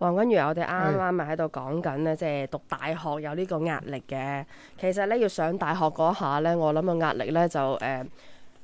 黃君如，我哋啱啱咪喺度講緊咧，即係是讀大學有呢個壓力嘅。其實咧，要上大學嗰下咧，我諗個壓力咧就誒。呃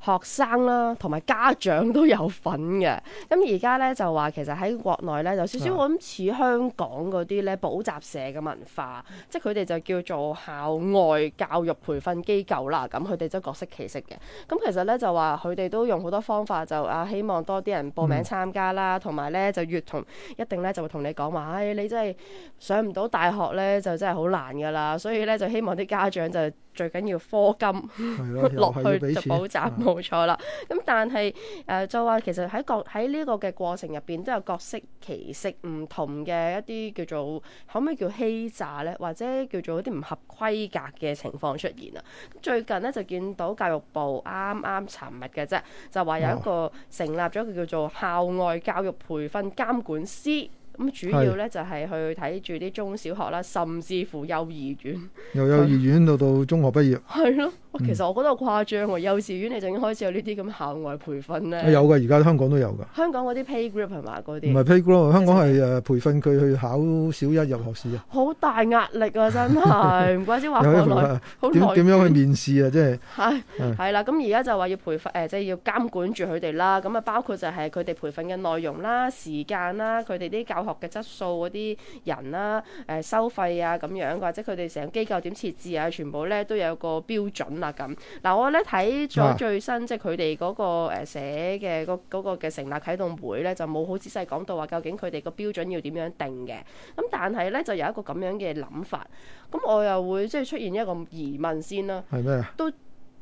學生啦，同埋家長都有份嘅。咁而家咧就話，其實喺國內咧就少少好似香港嗰啲咧補習社嘅文化，啊、即係佢哋就叫做校外教育培訓機構啦。咁佢哋都各色其色嘅。咁其實咧就話佢哋都用好多方法就啊，希望多啲人報名參加啦，同埋咧就越同一定咧就會同你講話，唉、哎，你真係上唔到大學咧，就真係好難㗎啦。所以咧就希望啲家長就。最緊要科金落 去就補習，冇錯啦。咁、嗯、但係誒、呃、就話，其實喺各喺呢個嘅過程入邊，都有各式其式唔同嘅一啲叫做可唔可以叫欺詐呢？或者叫做一啲唔合規格嘅情況出現啊。最近呢，就見到教育部啱啱尋日嘅啫，就話有一個成立咗個叫做校外教育培訓監管司。咁主要咧就係去睇住啲中小學啦，甚至乎幼兒園，由幼兒園到到中學畢業。係咯， 其實我覺得好誇張喎，嗯、幼兒園你就已經開始有呢啲咁校外培訓咧、啊？有㗎，而家香港都有㗎。香港嗰啲 pay group 係嘛嗰啲？唔係 pay group 香港係誒培訓佢去考小一入學試啊！就是、好大壓力啊，真係唔 怪之話好耐，點點 樣，樣去面試啊？即係係係啦，咁而家就話要培訓誒，即、就、係、是、要監管住佢哋啦。咁啊，包括就係佢哋培訓嘅內容啦、時間啦、佢哋啲教。學嘅質素嗰啲人啦、啊，誒、呃、收費啊咁樣，或者佢哋成個機構點設置啊，全部咧都有個標準啦、啊、咁。嗱、啊，我咧睇咗最新，即係佢哋嗰個誒寫嘅、嗰個嗰個嘅成立啟動會咧，就冇好仔細講到話究竟佢哋個標準要點樣定嘅。咁但係咧就有一個咁樣嘅諗法。咁我又會即係、就是、出現一個疑問先啦。係咩啊？都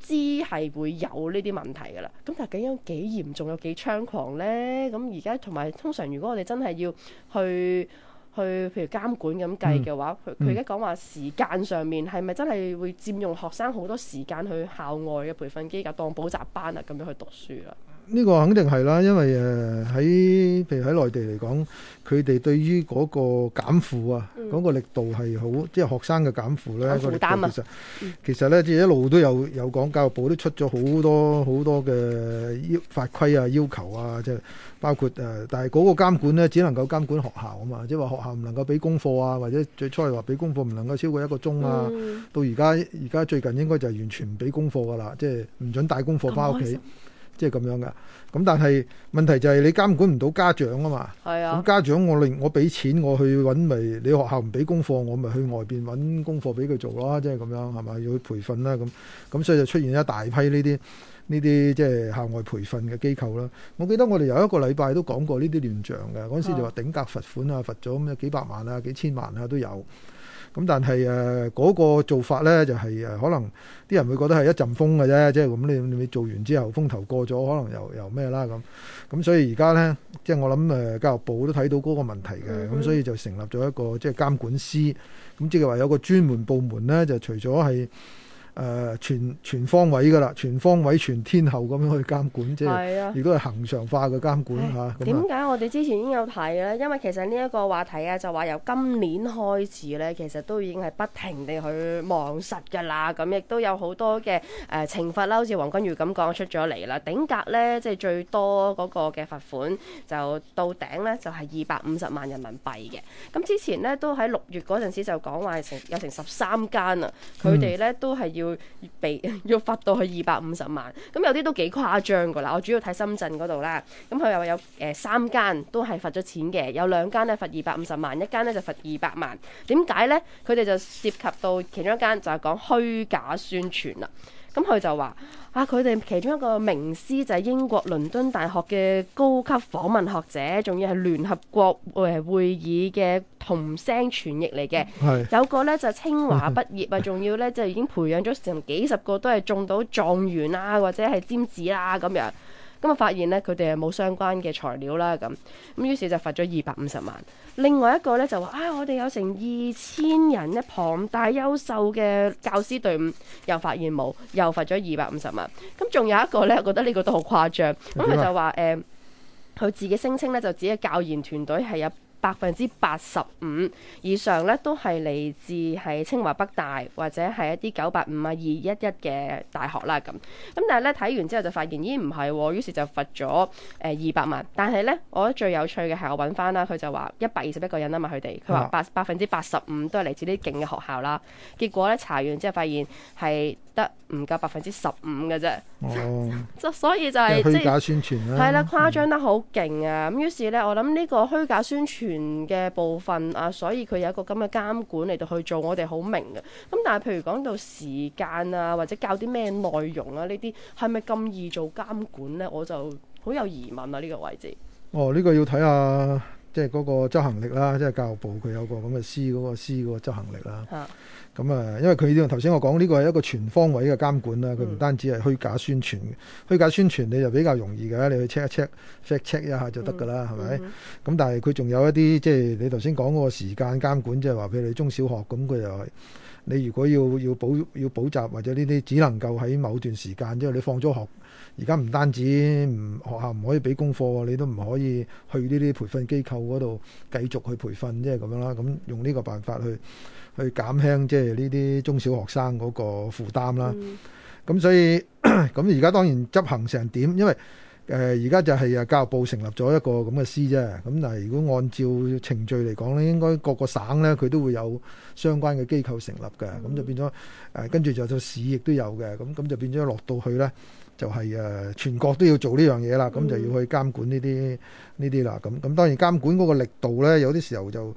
知係會有呢啲問題㗎啦，咁但係究竟幾嚴重有幾猖狂呢？咁而家同埋通常，如果我哋真係要去去譬如監管咁計嘅話，佢佢而家講話時間上面係咪真係會佔用學生好多時間去校外嘅培訓機構當補習班啊？咁樣去讀書啦。呢個肯定係啦，因為誒喺譬如喺內地嚟講，佢哋對於嗰個減負啊，嗰個力度係好，即係學生嘅減負咧。負擔啊！嗰個力度其實其實咧，即係一路都有有講，教育部都出咗好多好多嘅要法規啊、要求啊，即係包括誒，但係嗰個監管咧，只能夠監管學校啊嘛，即係話學校唔能夠俾功課啊，或者最初係話俾功課唔能夠超過一個鐘啊，到而家而家最近應該就係完全唔俾功課噶啦，即係唔准帶功課返屋企。即係咁樣噶，咁但係問題就係你監管唔到家長啊嘛。咁、啊嗯、家長我令我俾錢我去揾咪，你學校唔俾功課，我咪去外邊揾功課俾佢做啦。即係咁樣係咪？要去培訓啦咁。咁所以就出現一大批呢啲呢啲即係校外培訓嘅機構啦。我記得我哋有一個禮拜都講過呢啲亂象嘅，嗰陣時就話頂格罰款啊，罰咗咩幾百萬啊、幾千萬啊都有。咁但係誒嗰個做法咧就係、是、誒可能啲人會覺得係一陣風嘅啫，即係咁你你做完之後風頭過咗，可能又又咩啦咁。咁、嗯、所以而家咧，即、就、係、是、我諗誒、呃、教育部都睇到嗰個問題嘅，咁、嗯、所以就成立咗一個即係、就是、監管司，咁、嗯、即係話有個專門部門咧，就除咗係。誒、呃、全全方位噶啦，全方位全天候咁樣去監管，即係如果係恒常化嘅監管吓，點解唉、啊、我哋之前已經有睇咧？因為其實呢一個話題啊，就話由今年開始咧，其實都已經係不停地去望實㗎啦。咁亦都有好多嘅誒、呃、懲罰啦，好似黃君如咁講出咗嚟啦。頂格咧，即、就、係、是、最多嗰個嘅罰款就到頂咧，就係二百五十萬人民幣嘅。咁之前咧都喺六月嗰陣時就講話成有成十三間啊，佢哋咧都係要。要被要罰到去二百五十萬，咁有啲都幾誇張噶啦。我主要睇深圳嗰度啦，咁佢又話有誒三間都係罰咗錢嘅，有兩間咧罰二百五十萬，一間咧就罰二百萬。點解呢？佢哋就涉及到其中一間就係講虛假宣傳啦。咁佢、嗯、就話啊，佢哋其中一個名師就係英國倫敦大學嘅高級訪問學者，仲要係聯合國誒會議嘅同聲傳譯嚟嘅。是有個咧就係、清華畢業啊，仲 要咧就已經培養咗成幾十個都係中到狀元啊，或者係尖子啦咁樣。咁啊！發現咧，佢哋係冇相關嘅材料啦，咁咁於是就罰咗二百五十萬。另外一個咧就話啊、哎，我哋有成二千人一龐大優秀嘅教師隊伍，又發現冇，又罰咗二百五十萬。咁仲有一個咧，我覺得呢個都好誇張。咁佢就話誒，佢、呃、自己聲稱咧，就只係教研團隊係有。百分之八十五以上咧，都係嚟自係清華、北大或者係一啲九八五啊、二一一嘅大學啦。咁咁，但係咧睇完之後就發現，咦唔係喎，於是就罰咗誒二百萬。但係咧，我覺得最有趣嘅係我揾翻啦，佢就話一百二十一個人啊嘛，佢哋佢話百百分之八十五都係嚟自啲勁嘅學校啦。結果咧查完之後發現係得唔夠百分之十五嘅啫。哦， 所以就係、是、虛假宣傳啦，係啦，誇張得好勁啊。咁、嗯、於是咧，我諗呢個虛假宣傳。嘅部分啊，所以佢有一個咁嘅監管嚟到去做，我哋好明嘅。咁、嗯、但係，譬如講到時間啊，或者教啲咩內容啊，呢啲係咪咁易做監管呢？我就好有疑問啊，呢、這個位置。哦，呢、這個要睇下。即係嗰個執行力啦，即係教育部佢有個咁嘅司嗰個司個執行力啦。咁啊的、嗯，因為佢呢頭先我講呢個係一個全方位嘅監管啦，佢唔、嗯、單止係虛假宣傳，虛假宣傳你就比較容易嘅，你去 check 一 check check check 一下就得㗎啦，係咪、嗯？咁、嗯嗯嗯、但係佢仲有一啲即係你頭先講嗰個時間監管，即係話譬如你中小學咁，佢又係。嗯嗯你如果要要補要補習或者呢啲，只能夠喺某段時間啫。即係你放咗學，而家唔單止唔學校唔可以俾功課，你都唔可以去呢啲培訓機構嗰度繼續去培訓，即係咁樣啦。咁用呢個辦法去去減輕即係呢啲中小學生嗰個負擔啦。咁、嗯、所以咁而家當然執行成點，因為。誒而家就係啊，教育部成立咗一個咁嘅司啫。咁但係，如果按照程序嚟講咧，應該各個省咧佢都會有相關嘅機構成立嘅。咁就變咗誒，跟、呃、住就到市亦都有嘅。咁咁就變咗落到去咧，就係、是、誒全國都要做呢樣嘢啦。咁就要去監管呢啲呢啲啦。咁咁當然監管嗰個力度咧，有啲時候就誒。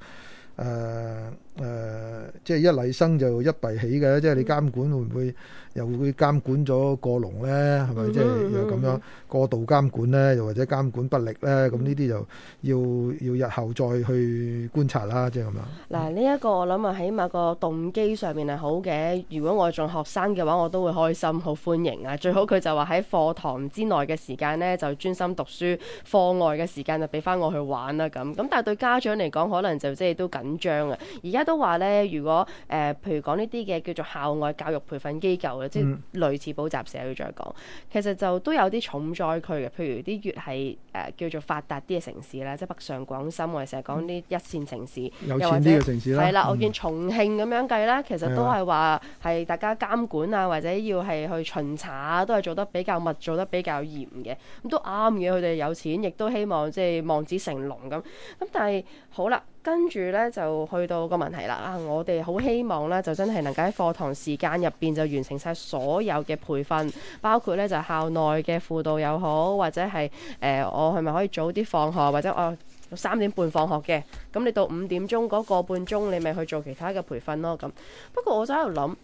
呃誒、呃，即係一利生就一弊起嘅，即係你監管會唔會又會監管咗過籠咧？係咪即係有咁樣過度監管咧？又或者監管不力咧？咁呢啲就要要日後再去觀察啦，即係咁樣。嗱，呢、這、一個我諗啊，起碼個動機上面係好嘅。如果我做學生嘅話，我都會開心，好歡迎啊！最好佢就話喺課堂之內嘅時間咧，就專心讀書；課外嘅時間就俾翻我去玩啦、啊。咁咁，但係對家長嚟講，可能就即係都緊張啊！而家。都話咧，如果誒、呃，譬如講呢啲嘅叫做校外教育培訓機構啦，嗯、即係類似補習社，要再講，其實就都有啲重災區嘅，譬如啲越係誒、呃、叫做發達啲嘅城市啦，嗯、即係北上廣深，我哋成日講啲一線城市，有錢啲嘅城市啦，係啦，我見重慶咁樣計啦，其實都係話係大家監管啊，或者要係去巡查啊，都係做得比較密，做得比較嚴嘅，咁都啱嘅。佢哋有錢，亦都希望即係望子成龍咁，咁但係好啦。好跟住呢，就去到個問題啦啊！我哋好希望呢，就真係能夠喺課堂時間入邊就完成晒所有嘅培訓，包括呢，就校內嘅輔導又好，或者係誒、呃、我係咪可以早啲放學，或者我、啊、三點半放學嘅？咁、嗯、你到五點鐘嗰個半鐘，你咪去做其他嘅培訓咯咁、嗯。不過我就喺度諗，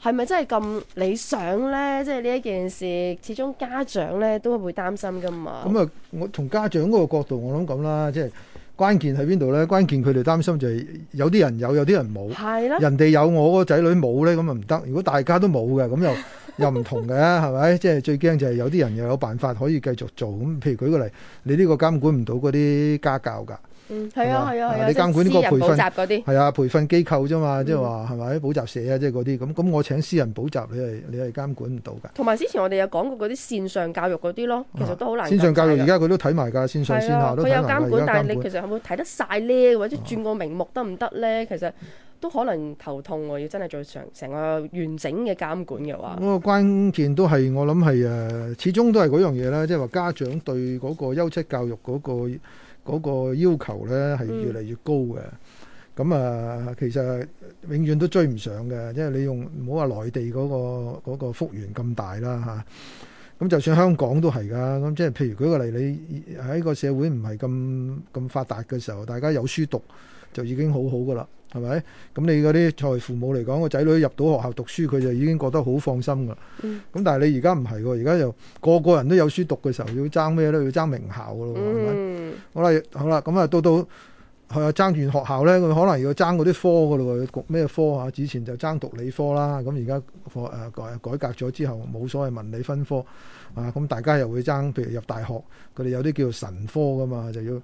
係咪真係咁理想呢？即係呢一件事，始終家長呢都會擔心㗎嘛。咁啊、嗯，我從家長嗰個角度，我諗咁啦，即係。關鍵喺邊度咧？關鍵佢哋擔心就係有啲人有，有啲人冇。係啦的，人哋有，我個仔女冇咧，咁啊唔得。如果大家都冇嘅，咁又 又唔同嘅，係咪？即係最驚就係有啲人又有辦法可以繼續做。咁譬如舉個例，你呢個監管唔到嗰啲家教噶。嗯，係吧啊，係啊，你監管呢個培訓嗰啲，係啊，培訓機構啫嘛，即係話係咪啲補習社啊，即係嗰啲咁，咁我請私人補習，你係你係監管唔到噶。同埋之前我哋有講過嗰啲綫上教育嗰啲咯，其實都好難、啊。綫上教育而家佢都睇埋噶，綫上綫下都。佢、啊、有監管，但係你其實係會睇得晒咧，或者轉個名目得唔得咧？其實。都可能頭痛喎，要真係做成成個完整嘅監管嘅話，嗰個關鍵都係我諗係誒，始終都係嗰樣嘢啦，即係話家長對嗰個優質教育嗰、嗰個嗰個要求咧係越嚟越高嘅。咁、嗯、啊，其實永遠都追唔上嘅，即係你用唔好話內地嗰、嗰個嗰、嗰個幅源咁大啦吓，咁、啊、就算香港都係㗎，咁即係譬如舉個例，你喺個社會唔係咁咁發達嘅時候，大家有書讀就已經好好㗎啦。係咪？咁你嗰啲作為父母嚟講，個仔女入到學校讀書，佢就已經覺得好放心㗎。咁但係你而家唔係喎，而家就個個人都有書讀嘅時候，要爭咩咧？要爭名校㗎咯，係咪？嗯。好啦，好啦，咁啊，到到。係啊，爭完學校咧，佢可能要爭嗰啲科噶咯，咩科啊？之前就爭讀理科啦，咁而家改誒改改革咗之後，冇所謂文理分科啊！咁大家又會爭，譬如入大學，佢哋有啲叫做神科噶嘛，就要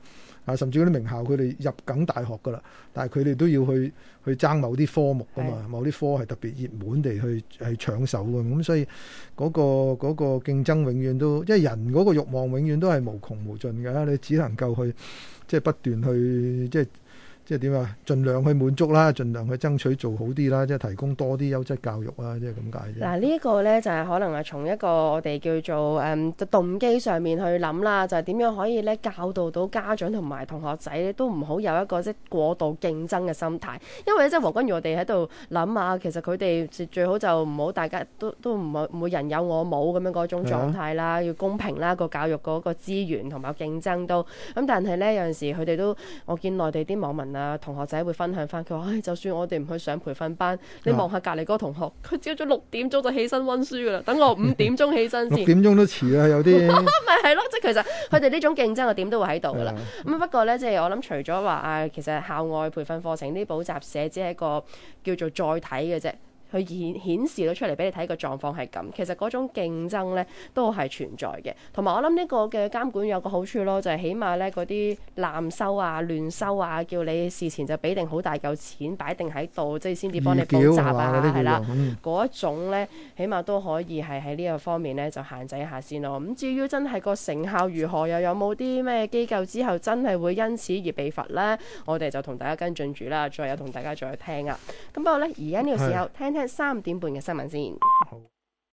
啊，甚至嗰啲名校佢哋入緊大學噶啦，但係佢哋都要去去爭某啲科目噶嘛，的某啲科係特別熱門地去係搶手嘅，咁所以嗰個嗰個競爭永遠都，因為人嗰個慾望永遠都係無窮無盡㗎，你只能夠去。即係不斷去，即係。即係點啊？盡量去滿足啦，盡量去爭取做好啲啦，即係提供多啲優質教育啊！即係咁解啫。嗱，呢個咧就係、是、可能係從一個我哋叫做誒、嗯、動機上面去諗啦，就係、是、點樣可以咧教導到家長同埋同學仔都唔好有一個即係過度競爭嘅心態，因為即係黃君如，我哋喺度諗啊，其實佢哋最好就唔好大家都都唔會唔會人有我冇咁樣嗰種狀態啦，啊、要公平啦，個教育嗰個資源同埋競爭都咁，但係咧有陣時佢哋都我見內地啲網民啊～啊！同學仔會分享翻，佢話：唉、哎，就算我哋唔去上培訓班，啊、你望下隔籬嗰個同學，佢朝早六點鐘就起身溫書噶啦，等我五點鐘起身先。五、嗯、點鐘都遲啦，有啲咪係咯，即係、 就是、其實佢哋呢種競爭，我點都會喺度噶啦。咁、啊、不過呢，即、就、係、是、我諗，除咗話啊，其實校外培訓課程啲補習社只係一個叫做載體嘅啫。佢顯示到出嚟俾你睇個狀況，係咁，其實嗰種競爭咧都係存在嘅。同埋我諗呢個嘅監管有個好處咯，就係、是、起碼咧，嗰啲濫收啊、亂收啊，叫你事前就俾定好大嚿錢擺定喺度，即係先至幫你補習啊，係啦，嗰、嗯、種咧起碼都可以係喺呢個方面咧就限制一下先咯。咁至於真係個成效如何，又有冇啲咩機構之後真係會因此而被罰咧？我哋就同大家跟進住啦，再有同大家再聽啊。咁不過咧，而家呢個時候聽聽三點半嘅新聞先。